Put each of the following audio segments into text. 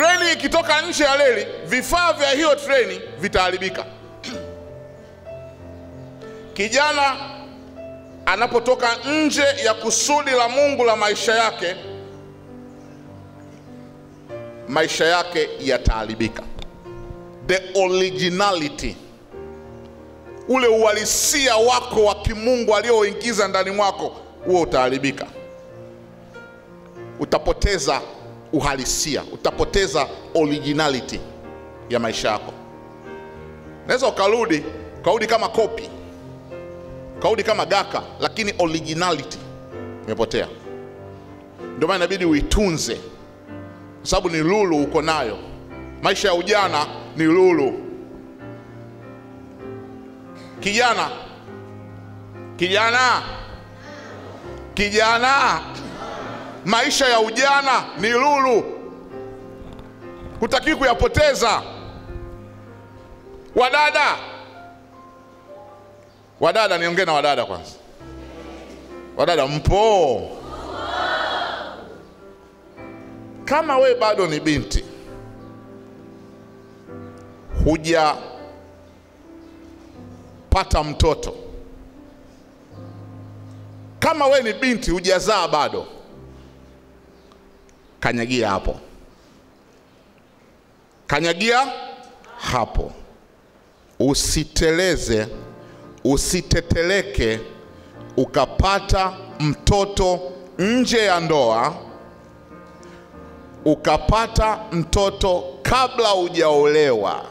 Treni ikitoka nje ya reli, vifaa vya hiyo treni vitaharibika. Kijana anapotoka nje ya kusudi la Mungu la maisha yake, maisha yake yataharibika. The originality, ule uhalisia wako wa kimungu alioingiza ndani mwako, huo utaharibika, utapoteza uhalisia, utapoteza originality ya maisha yako. Unaweza ukarudi ukarudi kama kopi, ukarudi kama gaka, lakini originality imepotea. Ndio maana inabidi uitunze, kwa sababu ni lulu uko nayo. Maisha ya ujana ni lulu. Kijana, kijana, kijana maisha ya ujana ni lulu, hutakiwi kuyapoteza. Wadada, wadada, niongee na wadada kwanza. Wadada mpo? Kama we bado ni binti, hujapata mtoto, kama we ni binti hujazaa bado kanyagia hapo, kanyagia hapo, usiteleze, usiteteleke ukapata mtoto nje ya ndoa, ukapata mtoto kabla hujaolewa,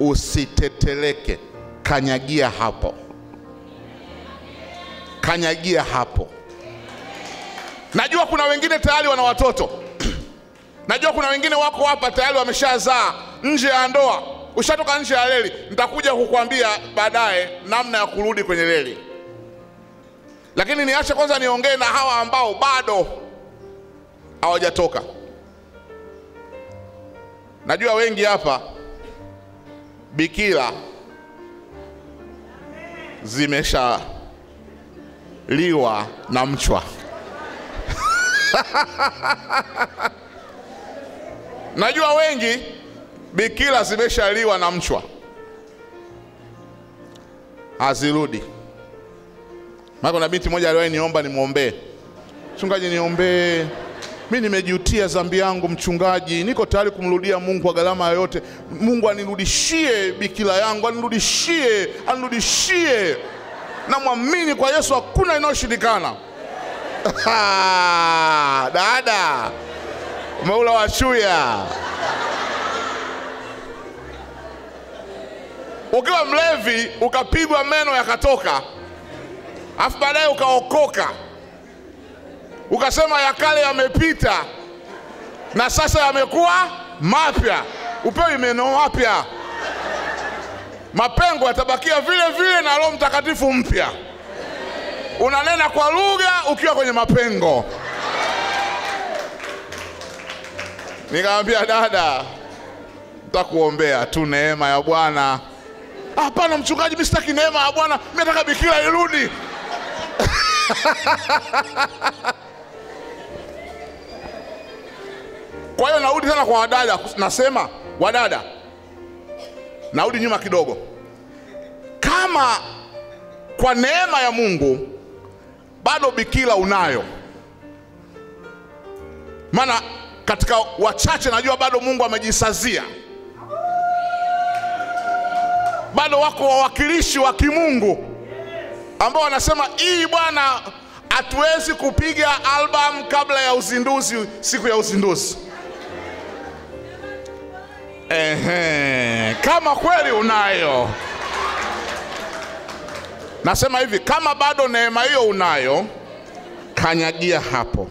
usiteteleke, kanyagia hapo, kanyagia hapo. Najua kuna wengine tayari wana watoto najua kuna wengine wako hapa tayari wameshazaa nje ya ndoa, ushatoka nje ya leli. Nitakuja kukwambia baadaye namna ya kurudi kwenye leli, lakini niache kwanza niongee na hawa ambao bado hawajatoka. Najua wengi hapa bikira zimeshaliwa na mchwa. najua wengi bikira zimeshaliwa na mchwa hazirudi. Maana kuna binti moja aliwahi niomba nimwombee, mchungaji, niombee mi nimejutia dhambi yangu mchungaji, niko tayari kumrudia Mungu kwa gharama yoyote. Mungu anirudishie bikira yangu, anirudishie, anirudishie. Namwamini kwa Yesu hakuna inayoshindikana. dada umeula shuya ukiwa mlevi ukapigwa meno yakatoka alafu baadaye ukaokoka ukasema ya kale yamepita na sasa yamekuwa mapya upewi meno mapya mapengo yatabakia vile vile na roho mtakatifu mpya unanena kwa lugha ukiwa kwenye mapengo. Nikamwambia dada, nitakuombea tu neema ya Bwana. Hapana mchungaji, mimi sitaki neema ya Bwana, mimi nataka bikira irudi. kwa hiyo narudi tena kwa wadada, nasema wadada, narudi nyuma kidogo, kama kwa neema ya Mungu bado bikira unayo, maana katika wachache najua bado Mungu amejisazia, bado wako wawakilishi wa kimungu ambao wanasema hii bwana, hatuwezi kupiga albamu kabla ya uzinduzi, siku ya uzinduzi. Ehe, kama kweli unayo Nasema hivi, kama bado neema hiyo unayo, kanyagia hapo,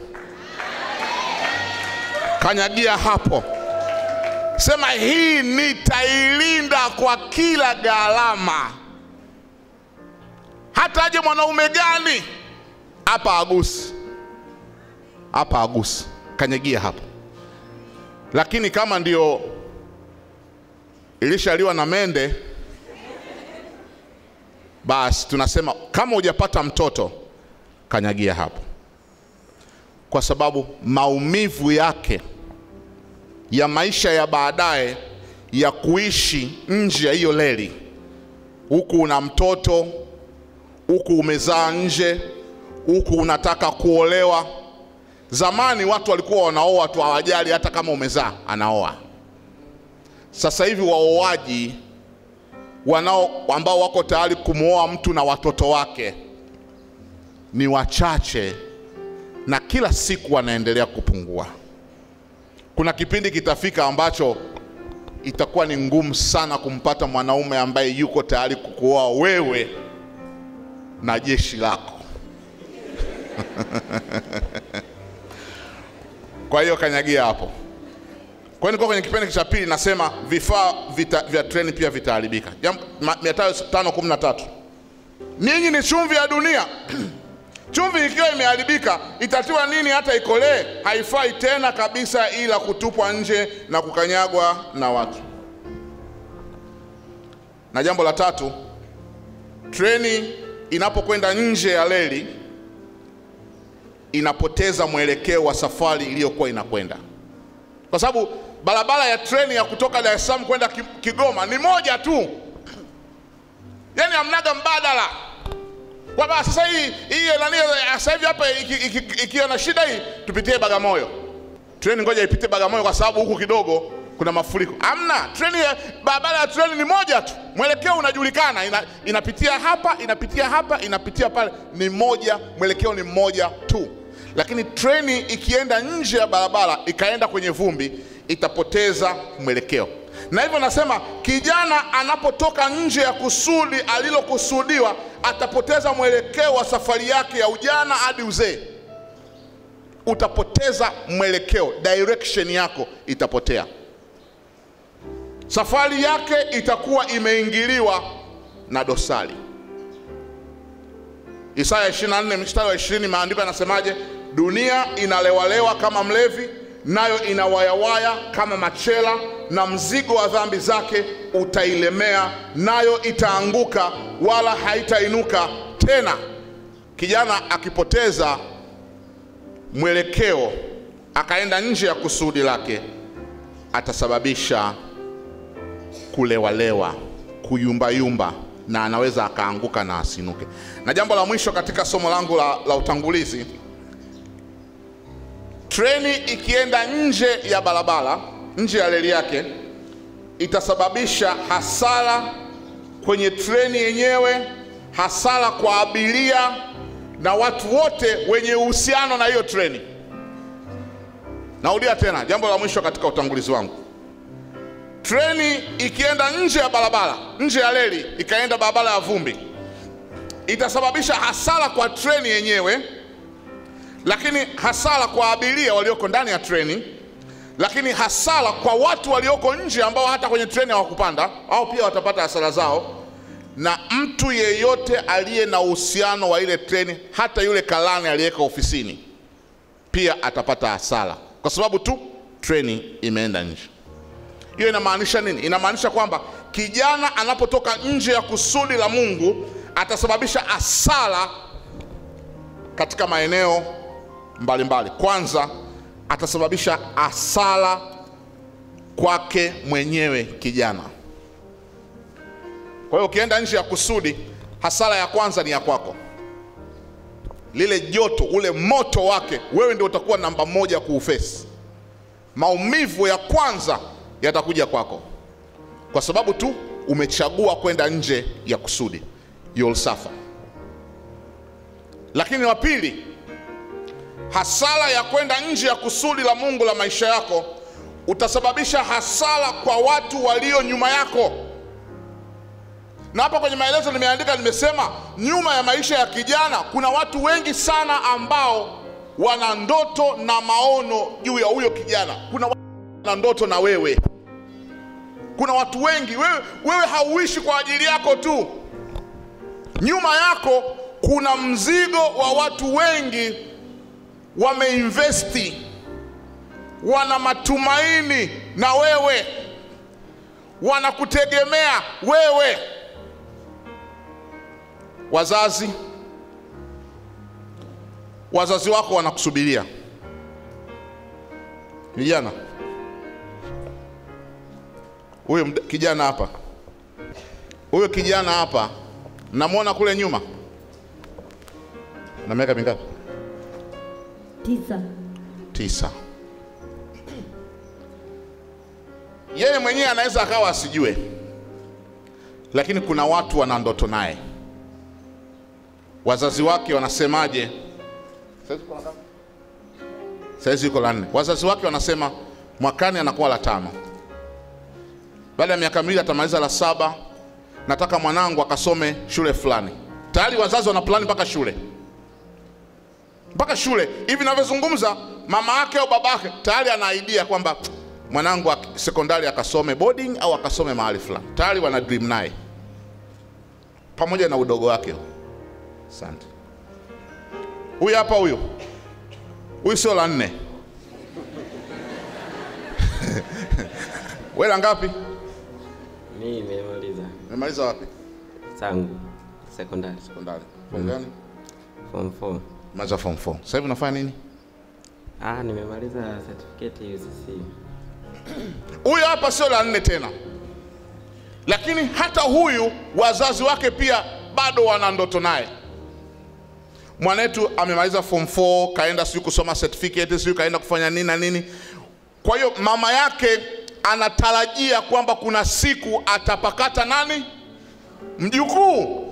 kanyagia hapo. Sema hii nitailinda kwa kila gharama, hata aje mwanaume gani hapa agusi, hapa agusi, kanyagia hapo. Lakini kama ndio ilishaliwa na mende basi tunasema kama hujapata mtoto kanyagia hapo, kwa sababu maumivu yake ya maisha ya baadaye ya kuishi nje ya hiyo leli, huku una mtoto, huku umezaa nje, huku unataka kuolewa. Zamani watu walikuwa wanaoa tu, hawajali hata kama umezaa, anaoa. Sasa hivi waoaji wanao ambao wako tayari kumwoa mtu na watoto wake ni wachache, na kila siku wanaendelea kupungua. Kuna kipindi kitafika ambacho itakuwa ni ngumu sana kumpata mwanaume ambaye yuko tayari kukuoa wewe na jeshi lako. Kwa hiyo kanyagia hapo. Kwa hiyo niko kwenye kipindi cha pili, nasema vifaa vita, vya treni pia vitaharibika. Jambo 513 ninyi ni chumvi ya dunia chumvi ikiwa imeharibika itatiwa nini hata ikolee? Haifai tena kabisa, ila kutupwa nje na kukanyagwa na watu. Na jambo la tatu, treni inapokwenda nje ya reli inapoteza mwelekeo wa safari iliyokuwa inakwenda, kwa sababu barabara ya treni ya kutoka Dar es Salaam kwenda Kigoma ni moja tu, yani amnaga mbadala kwamba sasa hii hii nani sasa hivi hapa ikiwa na shida hii tupitie Bagamoyo, treni ngoja ipite Bagamoyo kwa sababu huku kidogo kuna mafuriko. Amna treni, barabara ya treni ni moja tu, mwelekeo unajulikana, ina, inapitia hapa inapitia hapa inapitia pale, ni moja, mwelekeo ni mmoja tu. Lakini treni ikienda nje ya barabara ikaenda kwenye vumbi, itapoteza mwelekeo. Na hivyo nasema kijana anapotoka nje ya kusudi alilokusudiwa atapoteza mwelekeo wa safari yake ya ujana hadi uzee. Utapoteza mwelekeo, direction yako itapotea, safari yake itakuwa imeingiliwa na dosari. Isaya 24 mstari wa 20, maandiko yanasemaje? Dunia inalewalewa kama mlevi nayo inawayawaya kama machela, na mzigo wa dhambi zake utailemea, nayo itaanguka wala haitainuka tena. Kijana akipoteza mwelekeo akaenda nje ya kusudi lake, atasababisha kulewalewa, kuyumbayumba na anaweza akaanguka na asinuke. Na jambo la mwisho katika somo langu la, la utangulizi Treni ikienda nje ya barabara, nje ya reli yake, itasababisha hasara kwenye treni yenyewe, hasara kwa abiria na watu wote wenye uhusiano na hiyo treni. Naudia tena jambo la mwisho katika utangulizi wangu. Treni ikienda nje ya barabara, nje ya reli, ikaenda barabara ya vumbi, itasababisha hasara kwa treni yenyewe lakini hasara kwa abiria walioko ndani ya treni, lakini hasara kwa watu walioko nje ambao hata kwenye treni hawakupanda, au pia watapata hasara zao, na mtu yeyote aliye na uhusiano wa ile treni, hata yule kalani aliyeka ofisini, pia atapata hasara kwa sababu tu treni imeenda nje. Hiyo inamaanisha nini? Inamaanisha kwamba kijana anapotoka nje ya kusudi la Mungu atasababisha hasara katika maeneo mbalimbali. Kwanza atasababisha asala kwake mwenyewe kijana. Kwa hiyo ukienda nje ya kusudi, hasara ya kwanza ni ya kwako. Lile joto, ule moto wake, wewe ndio utakuwa namba moja kuufesi. Maumivu ya kwanza yatakuja kwako, kwa sababu tu umechagua kwenda nje ya kusudi, you'll suffer. Lakini wa pili hasara ya kwenda nje ya kusudi la Mungu la maisha yako utasababisha hasara kwa watu walio nyuma yako. Na hapa kwenye maelezo nimeandika, nimesema nyuma ya maisha ya kijana kuna watu wengi sana ambao wana ndoto na maono juu ya huyo kijana. Kuna watu wana ndoto na wewe, kuna watu wengi wewe, wewe hauishi kwa ajili yako tu. Nyuma yako kuna mzigo wa watu wengi wameinvesti, wana matumaini na wewe, wanakutegemea wewe. Wazazi, wazazi wako wanakusubiria. Vijana, huyo kijana hapa, huyo kijana hapa, namwona kule nyuma, na miaka mingapi? tisa, tisa. Yeye mwenyewe anaweza akawa asijue, lakini kuna watu wana ndoto naye. Wazazi wake wanasemaje? Saizi yuko la nne. Wazazi wake wanasema mwakani anakuwa la tano, baada ya miaka miwili atamaliza la saba. Nataka mwanangu akasome shule fulani. Tayari wazazi wana plani mpaka shule mpaka shule. Hivi ninavyozungumza, mama yake au baba yake tayari ana idea kwamba mwanangu sekondari akasome boarding au akasome mahali fulani, tayari wana dream naye pamoja na udogo wake. Asante. Huyu hapa huyu huyu sio la nne wela ngapi? Mimi nimemaliza. Nimemaliza wapi? Sangu sekondari. Sekondari. Form gani? Form 4. Maza form 4. Sasa hivi unafanya nini? Ah, nimemaliza certificate UCC. Huyu hapa sio la nne tena, lakini hata huyu wazazi wake pia bado wana ndoto naye. Mwanetu amemaliza form 4 kaenda siku kusoma certificate, siku kaenda kufanya nini na nini. Kwa hiyo mama yake anatarajia kwamba kuna siku atapakata nani, mjukuu.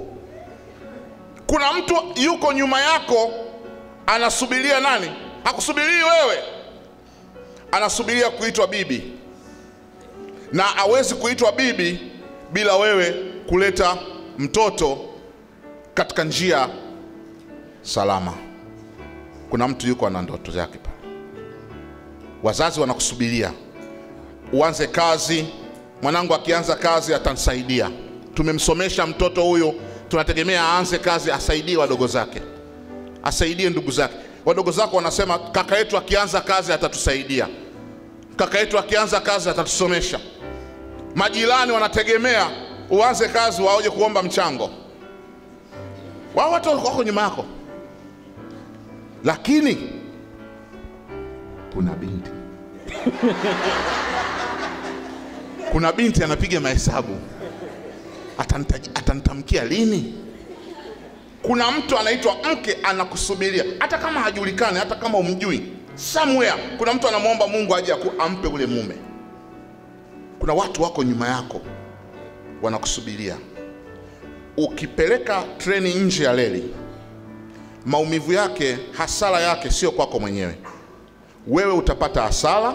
Kuna mtu yuko nyuma yako anasubiria nani hakusubirii wewe anasubiria kuitwa bibi na awezi kuitwa bibi bila wewe kuleta mtoto katika njia salama kuna mtu yuko ana ndoto zake pale wazazi wanakusubiria uanze kazi mwanangu akianza kazi atansaidia, tumemsomesha mtoto huyu tunategemea aanze kazi asaidie wadogo zake asaidie ndugu zake. Wadogo zako wanasema kaka yetu akianza kazi atatusaidia, kaka yetu akianza kazi atatusomesha. Majirani wanategemea uanze kazi waoje kuomba mchango, wao watu wako nyuma yako. Lakini kuna binti kuna binti anapiga mahesabu atanitamkia lini kuna mtu anaitwa mke anakusubiria, hata kama hajulikani, hata kama umjui, somewhere kuna mtu anamwomba Mungu aje ampe ule mume. Kuna watu wako nyuma yako wanakusubiria. Ukipeleka treni nje ya reli, maumivu yake, hasara yake sio kwako mwenyewe. Wewe utapata hasara,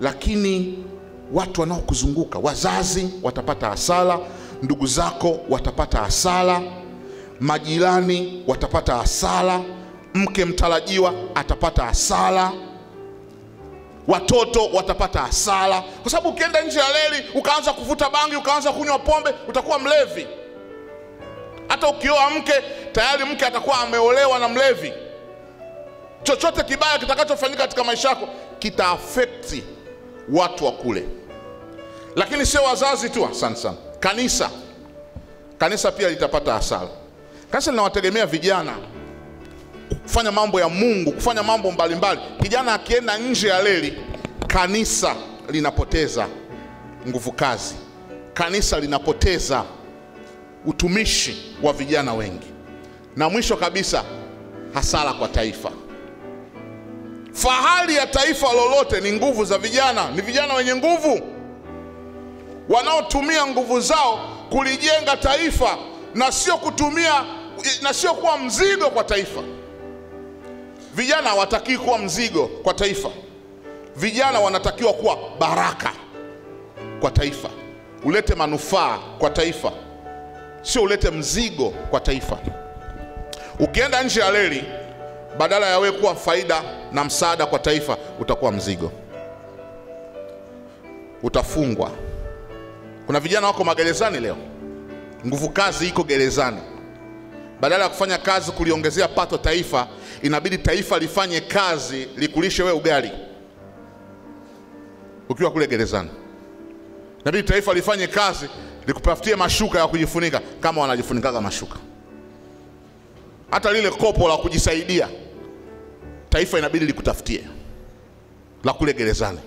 lakini watu wanaokuzunguka, wazazi watapata hasara, ndugu zako watapata hasara majirani watapata hasara, mke mtarajiwa atapata hasara, watoto watapata hasara, kwa sababu ukienda nje ya reli ukaanza kuvuta bangi, ukaanza kunywa pombe, utakuwa mlevi. Hata ukioa mke, tayari mke atakuwa ameolewa na mlevi. Chochote kibaya kitakachofanyika katika maisha yako kitaafekti watu wa kule, lakini sio wazazi tu. Asante sana. Kanisa, kanisa pia litapata hasara. Kanisa linawategemea vijana kufanya mambo ya Mungu, kufanya mambo mbalimbali mbali. Kijana akienda nje ya leli, kanisa linapoteza nguvu kazi, kanisa linapoteza utumishi wa vijana wengi, na mwisho kabisa hasara kwa taifa. Fahari ya taifa lolote ni nguvu za vijana, ni vijana wenye nguvu wanaotumia nguvu zao kulijenga taifa na sio kutumia na sio kuwa mzigo kwa taifa. Vijana hawatakii kuwa mzigo kwa taifa, vijana wanatakiwa kuwa baraka kwa taifa, ulete manufaa kwa taifa, sio ulete mzigo kwa taifa. Ukienda nje ya reli, badala ya wewe kuwa faida na msaada kwa taifa, utakuwa mzigo, utafungwa. Kuna vijana wako magerezani leo, nguvu kazi iko gerezani badala ya kufanya kazi kuliongezea pato taifa, inabidi taifa lifanye kazi likulishe we ugali ukiwa kule gerezani. Inabidi taifa lifanye kazi likupafutie mashuka ya kujifunika kama wanajifunikaga mashuka, hata lile kopo la kujisaidia taifa inabidi likutafutie la kule gerezani.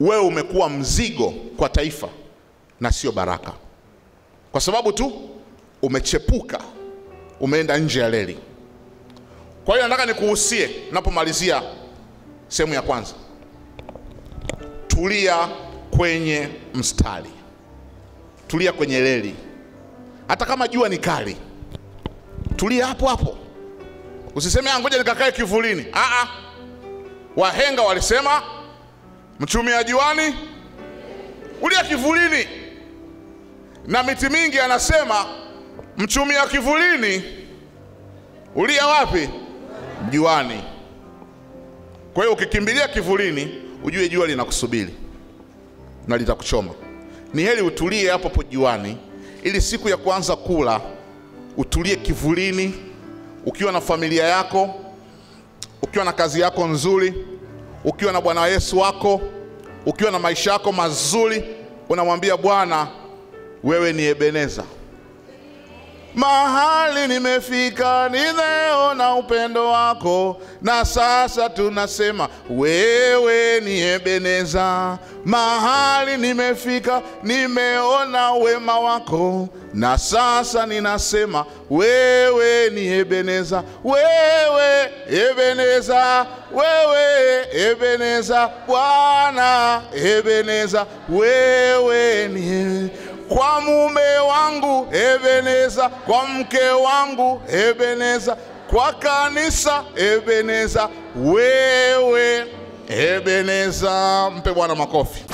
Wewe umekuwa mzigo kwa taifa na sio baraka, kwa sababu tu umechepuka, umeenda nje ya reli. Kwa hiyo nataka nikuhusie napomalizia sehemu ya kwanza, tulia kwenye mstari, tulia kwenye reli, hata kama jua ni kali, tulia hapo hapo. Usiseme ah, ngoja nikakae kivulini. Aa, wahenga walisema mchumia juani ulia kivulini, na miti mingi anasema Mchumi wa kivulini ulia wapi? Juani. Kwa hiyo ukikimbilia kivulini, ujue jua linakusubiri na litakuchoma. Ni heri utulie hapo po juani, ili siku ya kuanza kula utulie kivulini, ukiwa na familia yako, ukiwa na kazi yako nzuri, ukiwa na Bwana Yesu wako, ukiwa na maisha yako mazuri, unamwambia Bwana, wewe ni Ebeneza mahali nimefika na upendo wako, na sasa tunasema wewe ni Ebeneza. Mahali nimefika nimeona wema wako, na sasa ninasema wewe ni Ebeneza, wewe Ebeneza, wewe Ebeneza, Bwana Ebeneza, wewe ni kwa mume wangu Ebeneza, kwa mke wangu Ebeneza, kwa kanisa Ebeneza, wewe Ebeneza. Mpe Bwana makofi.